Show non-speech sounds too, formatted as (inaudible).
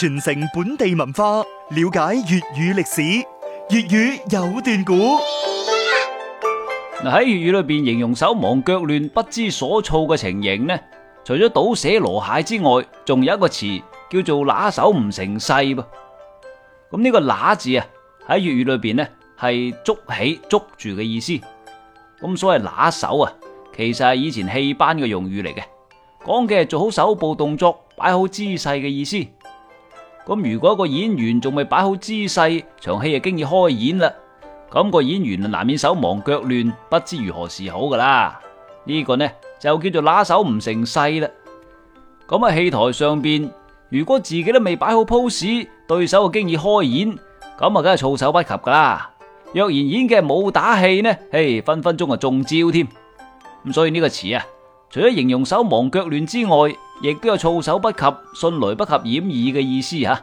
傳承本地文化，了解粵語歷史。粵語有段古嗱，喺粵 (laughs) 語裏邊形容手忙腳亂、不知所措嘅情形咧，除咗倒瀉籮蟹之外，仲有一個詞叫做揦手唔成勢噃。咁呢、這個揦字啊，喺粵語裏邊呢係捉起、捉住嘅意思。咁所謂揦手啊，其實係以前戲班嘅用語嚟嘅，講嘅係做好手部動作、擺好姿勢嘅意思。咁如果一個演員仲未擺好姿勢，場戲就經已開演啦，咁、個演員就難免手忙腳亂，不知如何是好噶啦。呢、個呢就叫做揦手唔成勢啦。咁喺戲台上邊如果自己都未擺好 pose，對手就經已開演，咁啊梗係措手不及噶啦。若然演嘅係武打戲呢，唉，分分鐘啊中招添。咁所以呢個詞啊，除咗形容手忙腳亂之外，亦都有措手不及、迅雷不及掩耳嘅意思吓。